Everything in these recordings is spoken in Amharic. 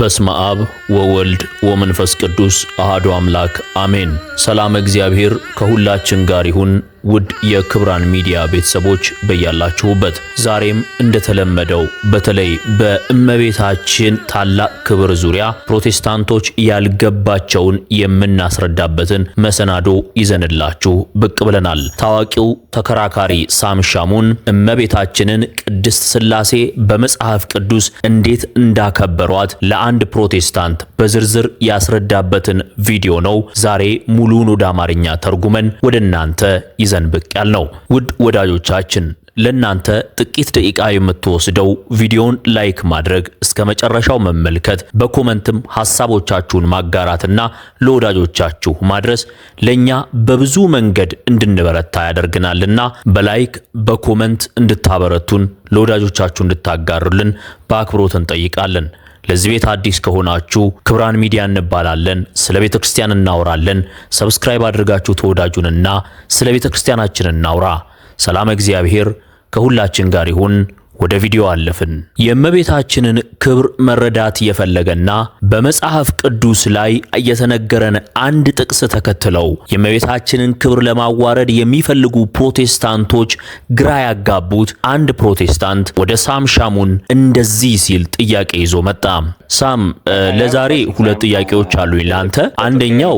በስመ አብ ወወልድ ወመንፈስ ቅዱስ አሃዱ አምላክ አሜን። ሰላም እግዚአብሔር ከሁላችን ጋር ይሁን። ውድ የክብራን ሚዲያ ቤተሰቦች በያላችሁበት ዛሬም እንደተለመደው በተለይ በእመቤታችን ታላቅ ክብር ዙሪያ ፕሮቴስታንቶች ያልገባቸውን የምናስረዳበትን መሰናዶ ይዘንላችሁ ብቅ ብለናል። ታዋቂው ተከራካሪ ሳምሻሙን እመቤታችንን ቅድስት ስላሴ በመጽሐፍ ቅዱስ እንዴት እንዳከበሯት ለአንድ ፕሮቴስታንት በዝርዝር ያስረዳበትን ቪዲዮ ነው ዛሬ ሙሉውን ወደ አማርኛ ተርጉመን ወደ እናንተ ይዘን ብቅ ያልነው። ውድ ወዳጆቻችን ለእናንተ ጥቂት ደቂቃ የምትወስደው ቪዲዮን ላይክ ማድረግ፣ እስከ መጨረሻው መመልከት፣ በኮመንትም ሐሳቦቻችሁን ማጋራትና ለወዳጆቻችሁ ማድረስ ለእኛ በብዙ መንገድ እንድንበረታ ያደርግናልና በላይክ በኮመንት እንድታበረቱን፣ ለወዳጆቻችሁ እንድታጋሩልን በአክብሮት እንጠይቃለን። ለዚህ ቤት አዲስ ከሆናችሁ ክብራን ሚዲያ እንባላለን። ስለ ቤተ ክርስቲያን እናወራለን። ሰብስክራይብ አድርጋችሁ ተወዳጁንና ስለ ቤተ ክርስቲያናችን እናውራ። ሰላም እግዚአብሔር ከሁላችን ጋር ይሁን። ወደ ቪዲዮ አለፍን። የእመቤታችንን ክብር መረዳት የፈለገና በመጽሐፍ ቅዱስ ላይ እየተነገረን አንድ ጥቅስ ተከትለው የእመቤታችንን ክብር ለማዋረድ የሚፈልጉ ፕሮቴስታንቶች ግራ ያጋቡት አንድ ፕሮቴስታንት ወደ ሳም ሻሙን እንደዚህ ሲል ጥያቄ ይዞ መጣ። ሳም፣ ለዛሬ ሁለት ጥያቄዎች አሉኝ ለአንተ። አንደኛው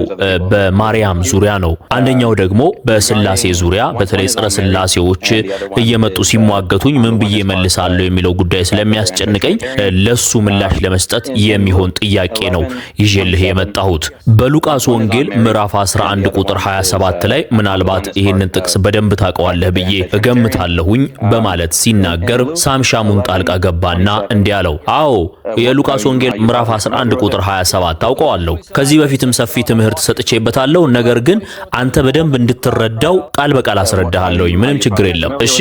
በማርያም ዙሪያ ነው። አንደኛው ደግሞ በስላሴ ዙሪያ፣ በተለይ ጸረ ስላሴዎች እየመጡ ሲሟገቱኝ ምን ብዬ መልስ እመልሳለሁ የሚለው ጉዳይ ስለሚያስጨንቀኝ ለሱ ምላሽ ለመስጠት የሚሆን ጥያቄ ነው ይዤልህ የመጣሁት። በሉቃስ ወንጌል ምዕራፍ 11 ቁጥር 27 ላይ ምናልባት ይህንን ጥቅስ በደንብ ታውቀዋለህ ብዬ እገምታለሁኝ በማለት ሲናገር ሳምሻሙን ጣልቃ ገባና እንዲህ አለው። አዎ የሉቃስ ወንጌል ምዕራፍ 11 ቁጥር 27 ታውቀዋለሁ። ከዚህ በፊትም ሰፊ ትምህርት ሰጥቼበታለሁ። ነገር ግን አንተ በደንብ እንድትረዳው ቃል በቃል አስረዳሃለሁኝ። ምንም ችግር የለም እሺ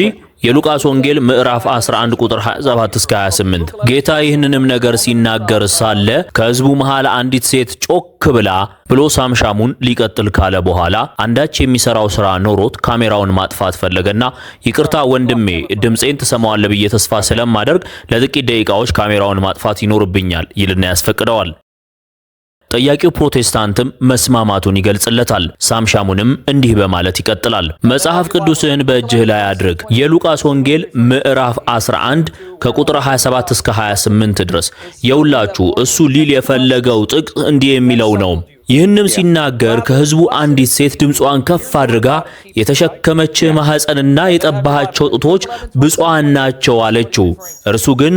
የሉቃስ ወንጌል ምዕራፍ 11 ቁጥር 27 እስከ 28። ጌታ ይህንንም ነገር ሲናገር ሳለ ከሕዝቡ መሃል አንዲት ሴት ጮክ ብላ ብሎ ሳምሻሙን ሊቀጥል ካለ በኋላ አንዳች የሚሰራው ስራ ኖሮት ካሜራውን ማጥፋት ፈለገና ይቅርታ ወንድሜ፣ ድምጼን ትሰማዋለህ ብዬ ተስፋ ስለማደርግ ለጥቂት ደቂቃዎች ካሜራውን ማጥፋት ይኖርብኛል ይልና ያስፈቅደዋል። ጠያቂው ፕሮቴስታንትም መስማማቱን ይገልጽለታል። ሳምሻሙንም እንዲህ በማለት ይቀጥላል። መጽሐፍ ቅዱስህን በእጅህ ላይ አድርግ። የሉቃስ ወንጌል ምዕራፍ 11 ከቁጥር 27 እስከ 28 ድረስ የውላችሁ እሱ ሊል የፈለገው ጥቅስ እንዲህ የሚለው ነው። ይህንም ሲናገር ከሕዝቡ አንዲት ሴት ድምጿን ከፍ አድርጋ የተሸከመች ማኅፀንና የጠባሃቸው ጡቶች ብፁዓን ናቸው አለችው። እርሱ ግን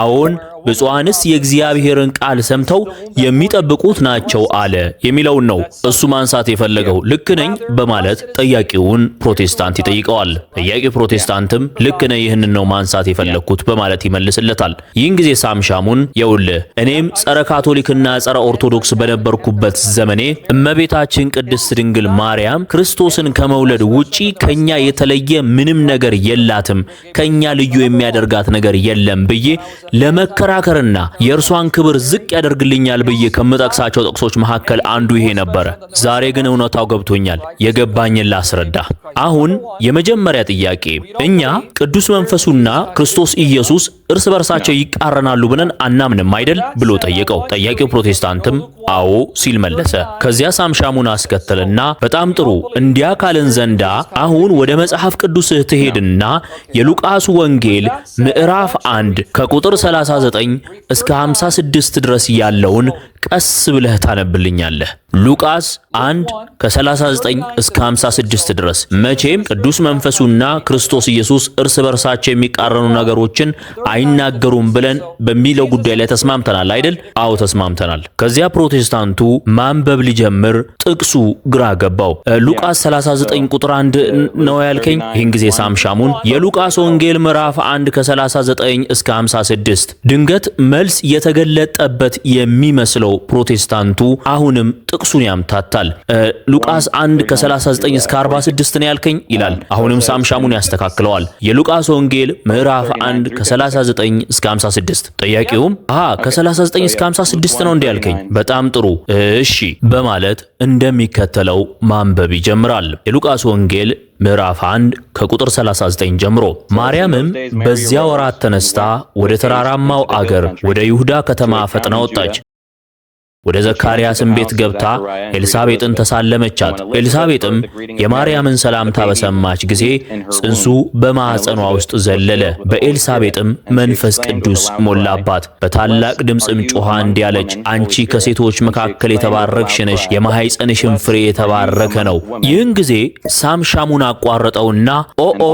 አዎን ብፁዓንስ የእግዚአብሔርን ቃል ሰምተው የሚጠብቁት ናቸው አለ የሚለውን ነው እሱ ማንሳት የፈለገው። ልክ ነኝ በማለት ጠያቂውን ፕሮቴስታንት ይጠይቀዋል። ጠያቂው ፕሮቴስታንትም ልክ ነህ፣ ይህንን ነው ማንሳት የፈለግኩት በማለት ይመልስለታል። ይህን ጊዜ ሳምሻሙን የውል እኔም ጸረ ካቶሊክና ጸረ ኦርቶዶክስ በነበርኩበት ዘመኔ እመቤታችን ቅድስት ድንግል ማርያም ክርስቶስን ከመውለድ ውጪ ከኛ የተለየ ምንም ነገር የላትም፣ ከኛ ልዩ የሚያደርጋት ነገር የለም ብዬ ለመከራ መከራከርና የእርሷን ክብር ዝቅ ያደርግልኛል ብዬ ከምጠቅሳቸው ጥቅሶች መካከል አንዱ ይሄ ነበረ። ዛሬ ግን እውነታው ገብቶኛል። የገባኝን ላስረዳ። አሁን የመጀመሪያ ጥያቄ እኛ ቅዱስ መንፈሱና ክርስቶስ ኢየሱስ እርስ በርሳቸው ይቃረናሉ ብለን አናምንም አይደል ብሎ ጠየቀው። ጠያቂው ፕሮቴስታንትም አዎ ሲል መለሰ። ከዚያ ሳምሻሙን አስከተልና በጣም ጥሩ እንዲያ ካልን ዘንዳ አሁን ወደ መጽሐፍ ቅዱስህ ትሄድና የሉቃስ ወንጌል ምዕራፍ 1 ከቁጥር 39 እስከ 56 ድረስ ያለውን ቀስ ብለህ ታነብልኛለህ። ሉቃስ 1 ከ39 እስከ 56 ድረስ። መቼም ቅዱስ መንፈሱና ክርስቶስ ኢየሱስ እርስ በርሳቸው የሚቃረኑ ነገሮችን አይናገሩም ብለን በሚለው ጉዳይ ላይ ተስማምተናል አይደል? አዎ ተስማምተናል። ከዚያ ፕሮቴስታንቱ ማንበብ ሊጀምር ጥቅሱ ግራ ገባው። ሉቃስ 39 ቁጥር 1 ነው ያልከኝ? ይህን ጊዜ ሳምሻሙን የሉቃስ ወንጌል ምዕራፍ 1 ከ39 እስከ 56 ድንገት መልስ የተገለጠበት የሚመስለው ፕሮቴስታንቱ አሁንም ጥቅሱን ያምታታል። ሉቃስ 1 ከ39 እስከ 46 ነው ያልከኝ ይላል። አሁንም ሳምሻሙን ያስተካክለዋል። የሉቃስ ወንጌል ምዕራፍ 1 ከ39 እስከ 56። ጥያቄውም አሃ ከ39 እስከ 56 ነው እንዲያልከኝ በጣም ጥሩ እሺ በማለት እንደሚከተለው ማንበብ ይጀምራል። የሉቃስ ወንጌል ምዕራፍ 1 ከቁጥር 39 ጀምሮ ማርያምም በዚያ ወራት ተነስታ ወደ ተራራማው አገር ወደ ይሁዳ ከተማ ፈጥና ወጣች። ወደ ዘካርያስም ቤት ገብታ ኤልሳቤጥን ተሳለመቻት። ኤልሳቤጥም የማርያምን ሰላምታ በሰማች ጊዜ ጽንሱ በማኅፀኗ ውስጥ ዘለለ፣ በኤልሳቤጥም መንፈስ ቅዱስ ሞላባት። በታላቅ ድምፅም ጮኻ እንዲያለች አንቺ ከሴቶች መካከል የተባረክሽ ነሽ፣ የማኅፀንሽም ፍሬ የተባረከ ነው። ይህን ጊዜ ሳምሻሙን አቋረጠውና ኦኦ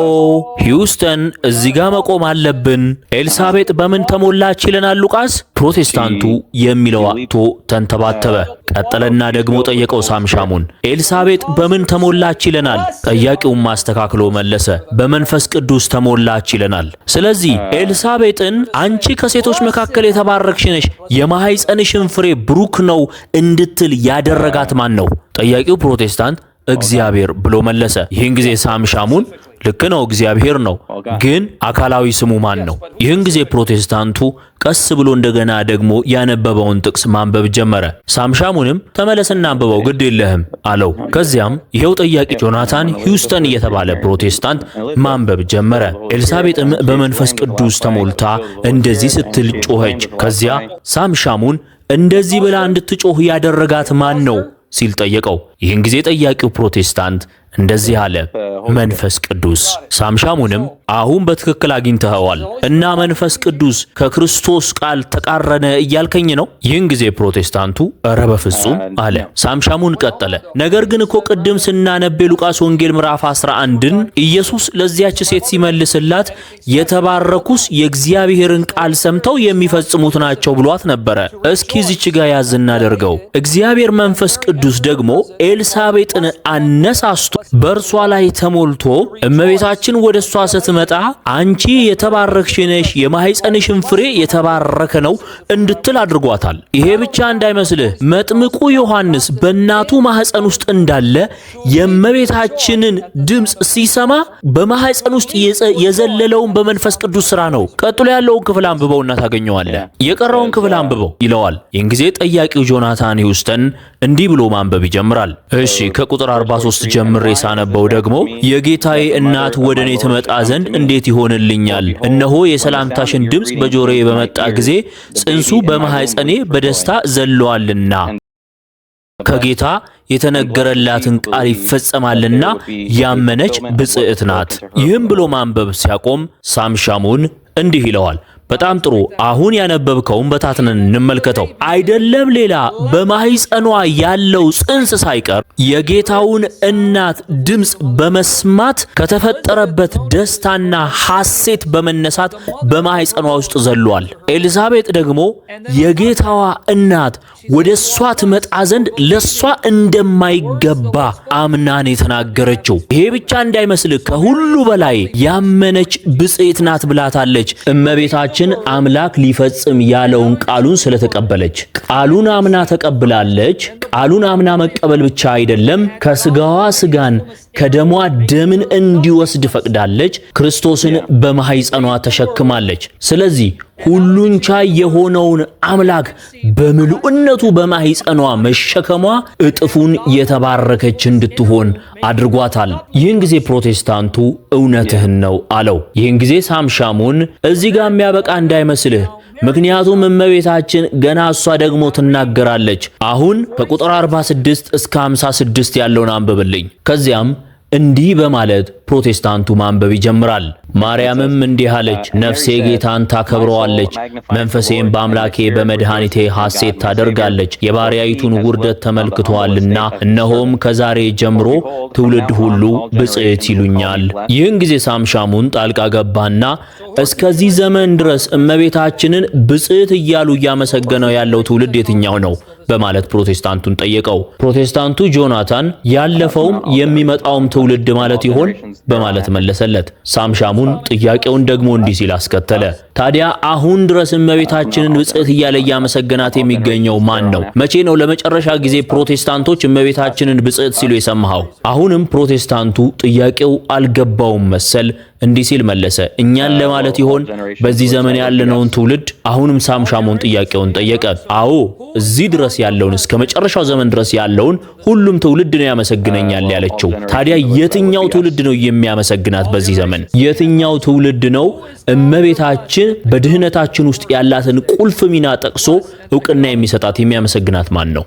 ሂውስተን፣ እዚህ ጋ መቆም አለብን። ኤልሳቤጥ በምን ተሞላች ይለናል ሉቃስ። ፕሮቴስታንቱ የሚለው አጥቶ ተንተባተበ። ቀጠለና ደግሞ ጠየቀው ሳምሻሙን። ኤልሳቤጥ በምን ተሞላች ይለናል። ጠያቂውን ማስተካክሎ መለሰ፣ በመንፈስ ቅዱስ ተሞላች ይለናል። ስለዚህ ኤልሳቤጥን አንቺ ከሴቶች መካከል የተባረክሽ ነሽ፣ የማኅፀንሽን ፍሬ ብሩክ ነው እንድትል ያደረጋት ማን ነው? ጠያቂው ፕሮቴስታንት እግዚአብሔር ብሎ መለሰ። ይህን ጊዜ ሳምሻሙን ልክ ነው፣ እግዚአብሔር ነው። ግን አካላዊ ስሙ ማን ነው? ይህን ጊዜ ፕሮቴስታንቱ ቀስ ብሎ እንደገና ደግሞ ያነበበውን ጥቅስ ማንበብ ጀመረ። ሳምሻሙንም ተመለስና አንብበው ግድ የለህም አለው። ከዚያም ይኸው ጠያቂ ጆናታን ሂውስተን እየተባለ ፕሮቴስታንት ማንበብ ጀመረ። ኤልሳቤጥም በመንፈስ ቅዱስ ተሞልታ እንደዚህ ስትል ጮኸች። ከዚያ ሳምሻሙን እንደዚህ ብላ እንድትጮህ ያደረጋት ማን ነው ሲል ጠየቀው። ይህን ጊዜ ጠያቂው ፕሮቴስታንት እንደዚህ አለ መንፈስ ቅዱስ። ሳምሻሙንም አሁን በትክክል አግኝተኸዋል እና መንፈስ ቅዱስ ከክርስቶስ ቃል ተቃረነ እያልከኝ ነው። ይህን ጊዜ ፕሮቴስታንቱ እረ በፍጹም አለ። ሳምሻሙን ቀጠለ። ነገር ግን እኮ ቅድም ስናነብ የሉቃስ ወንጌል ምዕራፍ 11ን ኢየሱስ ለዚያች ሴት ሲመልስላት የተባረኩስ የእግዚአብሔርን ቃል ሰምተው የሚፈጽሙት ናቸው ብሏት ነበረ። እስኪ ዚች ጋ ያዝ እናደርገው። እግዚአብሔር መንፈስ ቅዱስ ደግሞ ኤልሳቤጥን አነሳስቶ በእርሷ ላይ ተሞልቶ እመቤታችን ወደ እሷ ስትመጣ አንቺ የተባረክሽ ነሽ፣ የማኅፀንሽን ፍሬ የተባረከ ነው እንድትል አድርጓታል። ይሄ ብቻ እንዳይመስልህ መጥምቁ ዮሐንስ በእናቱ ማኅፀን ውስጥ እንዳለ የእመቤታችንን ድምፅ ሲሰማ በማኅፀን ውስጥ የዘለለውን በመንፈስ ቅዱስ ሥራ ነው። ቀጥሎ ያለውን ክፍል አንብበውና ታገኘዋለህ። የቀረውን ክፍል አንብበው ይለዋል። ይህን ጊዜ ጠያቂው ጆናታን ሂውስተን እንዲህ ብሎ ማንበብ ይጀምራል። እሺ ከቁጥር 43 ጀምሬ ሳነበው ደግሞ የጌታዬ እናት ወደ እኔ ትመጣ ዘንድ እንዴት ይሆንልኛል? እነሆ የሰላምታሽን ድምፅ በጆሮዬ በመጣ ጊዜ ጽንሱ በማኅፀኔ በደስታ ዘሏልና ከጌታ የተነገረላትን ቃል ይፈጸማልና ያመነች ብጽዕት ናት። ይህም ብሎ ማንበብ ሲያቆም ሳምሻሙን እንዲህ ይለዋል። በጣም ጥሩ። አሁን ያነበብከውን በታትነን እንመልከተው። አይደለም ሌላ በማህፀኗ ያለው ጽንስ ሳይቀር የጌታውን እናት ድምፅ በመስማት ከተፈጠረበት ደስታና ሐሴት በመነሳት በማህፀኗ ውስጥ ዘሏል። ኤልሳቤጥ ደግሞ የጌታዋ እናት ወደ እሷ ትመጣ ዘንድ ለእሷ እንደማይገባ አምናን የተናገረችው። ይሄ ብቻ እንዳይመስልህ ከሁሉ በላይ ያመነች ብጽዕት ናት ብላታለች እመቤታ ጌታችን አምላክ ሊፈጽም ያለውን ቃሉን ስለተቀበለች ቃሉን አምና ተቀብላለች። ቃሉን አምና መቀበል ብቻ አይደለም፣ ከስጋዋ ስጋን ከደሟ ደምን እንዲወስድ ፈቅዳለች። ክርስቶስን በማህፀኗ ተሸክማለች። ስለዚህ ሁሉን ቻይ የሆነውን አምላክ በምልኡነቱ በማህፀኗ መሸከሟ እጥፉን የተባረከች እንድትሆን አድርጓታል። ይህን ጊዜ ፕሮቴስታንቱ እውነትህን ነው አለው። ይህን ጊዜ ሳምሻሙን እዚህ ጋር የሚያበቃ እንዳይመስልህ ምክንያቱም እመቤታችን ገና እሷ ደግሞ ትናገራለች። አሁን ከቁጥር 46 እስከ 56 ያለውን አንብብልኝ ከዚያም እንዲህ በማለት ፕሮቴስታንቱ ማንበብ ይጀምራል። ማርያምም እንዲህ አለች፣ ነፍሴ ጌታን ታከብረዋለች፣ መንፈሴም በአምላኬ በመድኃኒቴ ሐሴት ታደርጋለች፣ የባሪያይቱን ውርደት ተመልክተዋልና፣ እነሆም ከዛሬ ጀምሮ ትውልድ ሁሉ ብጽዕት ይሉኛል። ይህን ጊዜ ሳምሻሙን ጣልቃ ገባና እስከዚህ ዘመን ድረስ እመቤታችንን ብጽዕት እያሉ እያመሰገነው ያለው ትውልድ የትኛው ነው? በማለት ፕሮቴስታንቱን ጠየቀው። ፕሮቴስታንቱ ጆናታን ያለፈውም የሚመጣውም ትውልድ ማለት ይሆን በማለት መለሰለት። ሳምሻሙን ጥያቄውን ደግሞ እንዲህ ሲል አስከተለ። ታዲያ አሁን ድረስ እመቤታችንን ብጽዕት እያለ እያመሰገናት የሚገኘው ማን ነው? መቼ ነው ለመጨረሻ ጊዜ ፕሮቴስታንቶች እመቤታችንን ብጽዕት ሲሉ የሰማኸው? አሁንም ፕሮቴስታንቱ ጥያቄው አልገባውም መሰል እንዲህ ሲል መለሰ። እኛን uh, ለማለት ይሆን? በዚህ ዘመን ያለነውን ትውልድ። አሁንም ሳም ጥያቄውን ጠየቀ። አዎ እዚህ ድረስ ያለውን እስከ መጨረሻው ዘመን ድረስ ያለውን ሁሉም ትውልድ ነው ያመሰግነኛል uh, ያለችው። ታዲያ የትኛው ትውልድ ነው የሚያመሰግናት? በዚህ ዘመን የትኛው ትውልድ ነው እመቤታችን በድህነታችን ውስጥ ያላትን ቁልፍ ሚና ጠቅሶ እውቅና የሚሰጣት የሚያመሰግናት ማን ነው?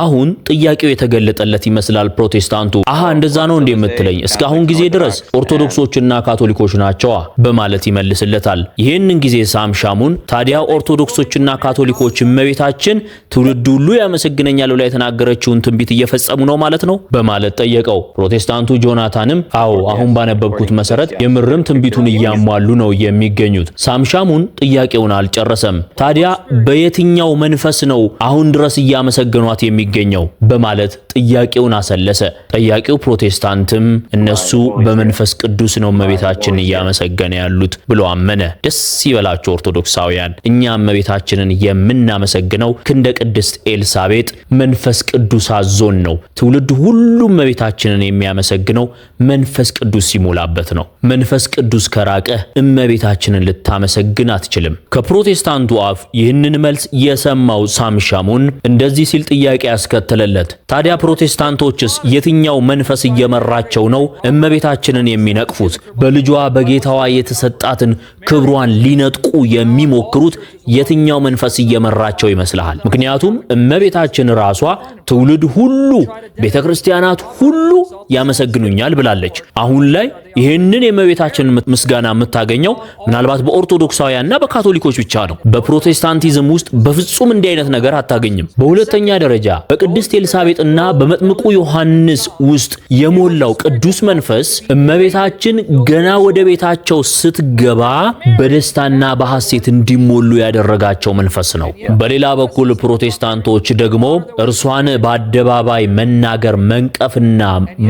አሁን ጥያቄው የተገለጠለት ይመስላል ፕሮቴስታንቱ። አሃ እንደዛ ነው እንዴ የምትለኝ? እስካሁን ጊዜ ድረስ ኦርቶዶክሶችና ካቶሊኮች ናቸዋ በማለት ይመልስለታል። ይህንን ጊዜ ሳም ሻሙን ታዲያ ኦርቶዶክሶችና ካቶሊኮች እመቤታችን ትውልድ ሁሉ ያመሰግነኛል ብላ የተናገረችውን ትንቢት እየፈጸሙ ነው ማለት ነው በማለት ጠየቀው። ፕሮቴስታንቱ ጆናታንም አዎ አሁን ባነበብኩት መሰረት የምርም ትንቢቱን እያሟሉ ነው የሚገኙት። ሳም ሻሙን ጥያቄውን አልጨረሰም። ታዲያ በየትኛው መንፈስ ነው አሁን ድረስ እያመሰገኗት የሚ የሚገኘው በማለት ጥያቄውን አሰለሰ። ጠያቂው ፕሮቴስታንትም እነሱ በመንፈስ ቅዱስ ነው እመቤታችንን እያመሰገነ ያሉት ብሎ አመነ። ደስ ይበላቸው ኦርቶዶክሳውያን፣ እኛ እመቤታችንን የምናመሰግነው ክንደ ቅድስት ኤልሳቤጥ መንፈስ ቅዱስ አዞን ነው። ትውልድ ሁሉ እመቤታችንን የሚያመሰግነው መንፈስ ቅዱስ ሲሞላበት ነው። መንፈስ ቅዱስ ከራቀ እመቤታችንን ልታመሰግን አትችልም። ከፕሮቴስታንቱ አፍ ይህንን መልስ የሰማው ሳምሻሙን እንደዚህ ሲል ጥያቄ ያስከትልለት። ታዲያ ፕሮቴስታንቶችስ የትኛው መንፈስ እየመራቸው ነው እመቤታችንን የሚነቅፉት? በልጇ በጌታዋ የተሰጣትን ክብሯን ሊነጥቁ የሚሞክሩት የትኛው መንፈስ እየመራቸው ይመስልሃል? ምክንያቱም እመቤታችን ራሷ ትውልድ ሁሉ ቤተክርስቲያናት ሁሉ ያመሰግኑኛል ብላለች። አሁን ላይ ይህንን የእመቤታችንን ምስጋና የምታገኘው ምናልባት በኦርቶዶክሳውያንና በካቶሊኮች ብቻ ነው። በፕሮቴስታንቲዝም ውስጥ በፍጹም እንዲህ አይነት ነገር አታገኝም። በሁለተኛ ደረጃ በቅድስት ኤልሳቤጥና በመጥምቁ ዮሐንስ ውስጥ የሞላው ቅዱስ መንፈስ እመቤታችን ገና ወደ ቤታቸው ስትገባ በደስታና በሐሴት እንዲሞሉ ያደረጋቸው መንፈስ ነው። በሌላ በኩል ፕሮቴስታንቶች ደግሞ እርሷን በአደባባይ መናገር፣ መንቀፍና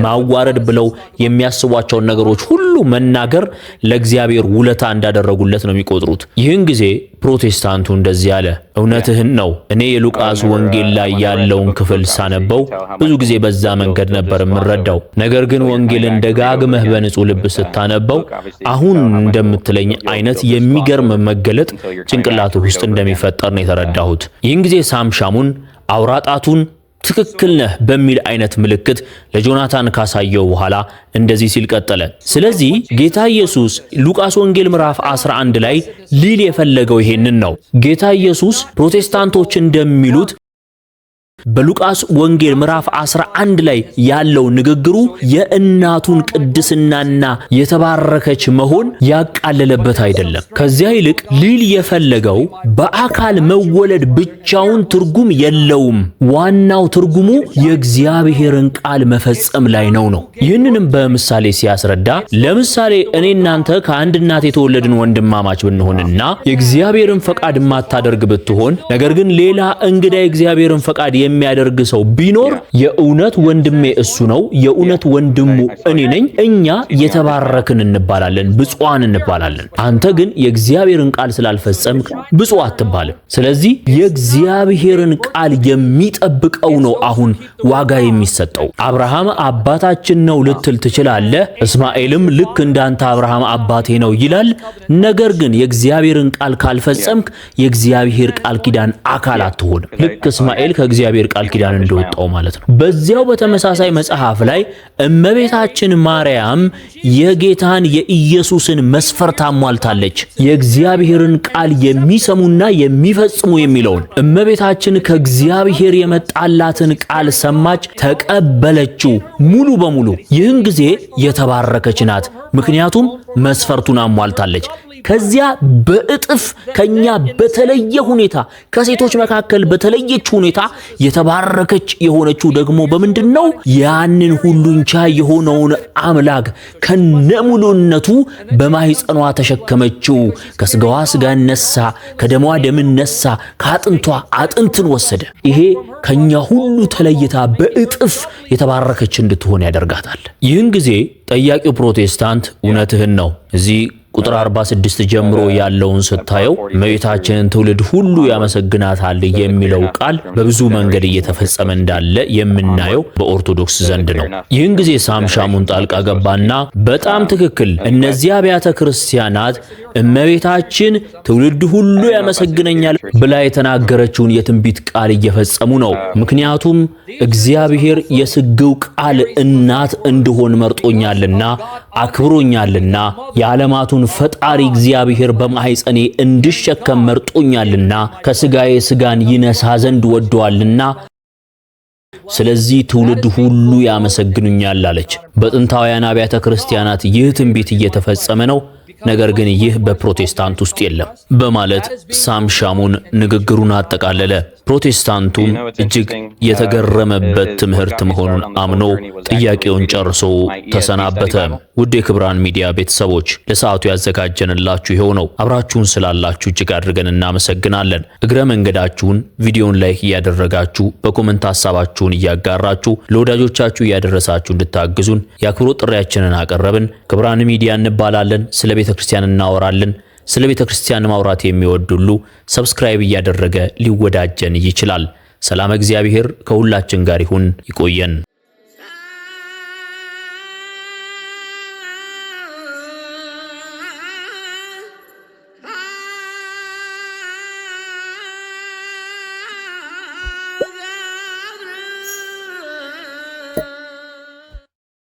ማዋረድ ብለው የሚያስቧቸውን ነገሮች ነገሮች ሁሉ መናገር ለእግዚአብሔር ውለታ እንዳደረጉለት ነው የሚቆጥሩት። ይህን ጊዜ ፕሮቴስታንቱ እንደዚህ አለ፣ እውነትህን ነው። እኔ የሉቃስ ወንጌል ላይ ያለውን ክፍል ሳነበው ብዙ ጊዜ በዛ መንገድ ነበር የምረዳው። ነገር ግን ወንጌልን ደጋግመህ በንጹህ ልብ ስታነበው አሁን እንደምትለኝ አይነት የሚገርም መገለጥ ጭንቅላቱ ውስጥ እንደሚፈጠር ነው የተረዳሁት። ይህን ጊዜ ሳምሻሙን አውራጣቱን ትክክል ነህ በሚል አይነት ምልክት ለጆናታን ካሳየው በኋላ እንደዚህ ሲል ቀጠለ። ስለዚህ ጌታ ኢየሱስ ሉቃስ ወንጌል ምዕራፍ 11 ላይ ሊል የፈለገው ይሄንን ነው። ጌታ ኢየሱስ ፕሮቴስታንቶች እንደሚሉት በሉቃስ ወንጌል ምዕራፍ 11 ላይ ያለው ንግግሩ የእናቱን ቅድስናና የተባረከች መሆን ያቃለለበት አይደለም። ከዚያ ይልቅ ሊል የፈለገው በአካል መወለድ ብቻውን ትርጉም የለውም፣ ዋናው ትርጉሙ የእግዚአብሔርን ቃል መፈጸም ላይ ነው ነው። ይህንንም በምሳሌ ሲያስረዳ ለምሳሌ እኔ እናንተ ከአንድ እናት የተወለድን ወንድማማች ብንሆንና የእግዚአብሔርን ፈቃድ የማታደርግ ብትሆን ነገር ግን ሌላ እንግዳ የእግዚአብሔርን ፈቃድ የሚያደርግ ሰው ቢኖር የእውነት ወንድሜ እሱ ነው፣ የእውነት ወንድሙ እኔ ነኝ፣ እኛ የተባረክን እንባላለን፣ ብፁዓን እንባላለን። አንተ ግን የእግዚአብሔርን ቃል ስላልፈጸምክ ብፁዕ አትባልም። ስለዚህ የእግዚአብሔርን ቃል የሚጠብቀው ነው አሁን ዋጋ የሚሰጠው። አብርሃም አባታችን ነው ልትል ትችላለህ። እስማኤልም ልክ እንዳንተ አብርሃም አባቴ ነው ይላል። ነገር ግን የእግዚአብሔርን ቃል ካልፈጸምክ የእግዚአብሔር ቃል ኪዳን አካል አትሆንም። ልክ እስማኤል ከእግዚአብሔር ከእግዚአብሔር ቃል ኪዳን እንደወጣው ማለት ነው። በዚያው በተመሳሳይ መጽሐፍ ላይ እመቤታችን ማርያም የጌታን የኢየሱስን መስፈርት አሟልታለች። የእግዚአብሔርን ቃል የሚሰሙና የሚፈጽሙ የሚለውን እመቤታችን ከእግዚአብሔር የመጣላትን ቃል ሰማች፣ ተቀበለችው ሙሉ በሙሉ። ይህን ጊዜ የተባረከች ናት። ምክንያቱም መስፈርቱን አሟልታለች። ከዚያ በእጥፍ ከኛ በተለየ ሁኔታ ከሴቶች መካከል በተለየች ሁኔታ የተባረከች የሆነችው ደግሞ በምንድን ነው? ያንን ሁሉን ቻይ የሆነውን አምላክ ከነሙሉነቱ በማህፀኗ ተሸከመችው። ከስጋዋ ስጋን ነሳ፣ ከደሟ ደምን ነሳ፣ ከአጥንቷ አጥንትን ወሰደ። ይሄ ከኛ ሁሉ ተለይታ በእጥፍ የተባረከች እንድትሆን ያደርጋታል። ይህን ጊዜ ጠያቂው ፕሮቴስታንት እውነትህን ነው እዚህ ቁጥር 46 ጀምሮ ያለውን ስታየው እመቤታችንን ትውልድ ሁሉ ያመሰግናታል የሚለው ቃል በብዙ መንገድ እየተፈጸመ እንዳለ የምናየው በኦርቶዶክስ ዘንድ ነው። ይህን ጊዜ ሳምሻሙን ጣልቃ ገባና በጣም ትክክል፣ እነዚህ አብያተ ክርስቲያናት እመቤታችን ትውልድ ሁሉ ያመሰግነኛል ብላ የተናገረችውን የትንቢት ቃል እየፈጸሙ ነው። ምክንያቱም እግዚአብሔር የስግው ቃል እናት እንድሆን መርጦኛልና አክብሮኛልና የዓለማቱን ያለውን ፈጣሪ እግዚአብሔር በማኅፀኔ እንድሸከም መርጦኛልና ከሥጋዬ ሥጋን ይነሳ ዘንድ ወዶአልና ስለዚህ ትውልድ ሁሉ ያመሰግኑኛል አለች። በጥንታውያን አብያተ ክርስቲያናት ይህ ትንቢት እየተፈጸመ ነው። ነገር ግን ይህ በፕሮቴስታንት ውስጥ የለም በማለት ሳም ሻሙን ንግግሩን አጠቃለለ። ፕሮቴስታንቱም እጅግ የተገረመበት ትምህርት መሆኑን አምኖ ጥያቄውን ጨርሶ ተሰናበተ። ውድ የክብራን ሚዲያ ቤተሰቦች ለሰዓቱ ያዘጋጀንላችሁ ይኸው ነው። አብራችሁን ስላላችሁ እጅግ አድርገን እናመሰግናለን። እግረ መንገዳችሁን ቪዲዮን ላይክ እያደረጋችሁ በኮመንት ሀሳባችሁን እያጋራችሁ ለወዳጆቻችሁ እያደረሳችሁ እንድታግዙን የአክብሮት ጥሪያችንን አቀረብን። ክብራን ሚዲያ እንባላለን ስለ ቤተ ክርስቲያን እናወራለን። ስለ ቤተ ክርስቲያን ማውራት የሚወድ ሁሉ ሰብስክራይብ እያደረገ ሊወዳጀን ይችላል። ሰላም እግዚአብሔር ከሁላችን ጋር ይሁን። ይቆየን።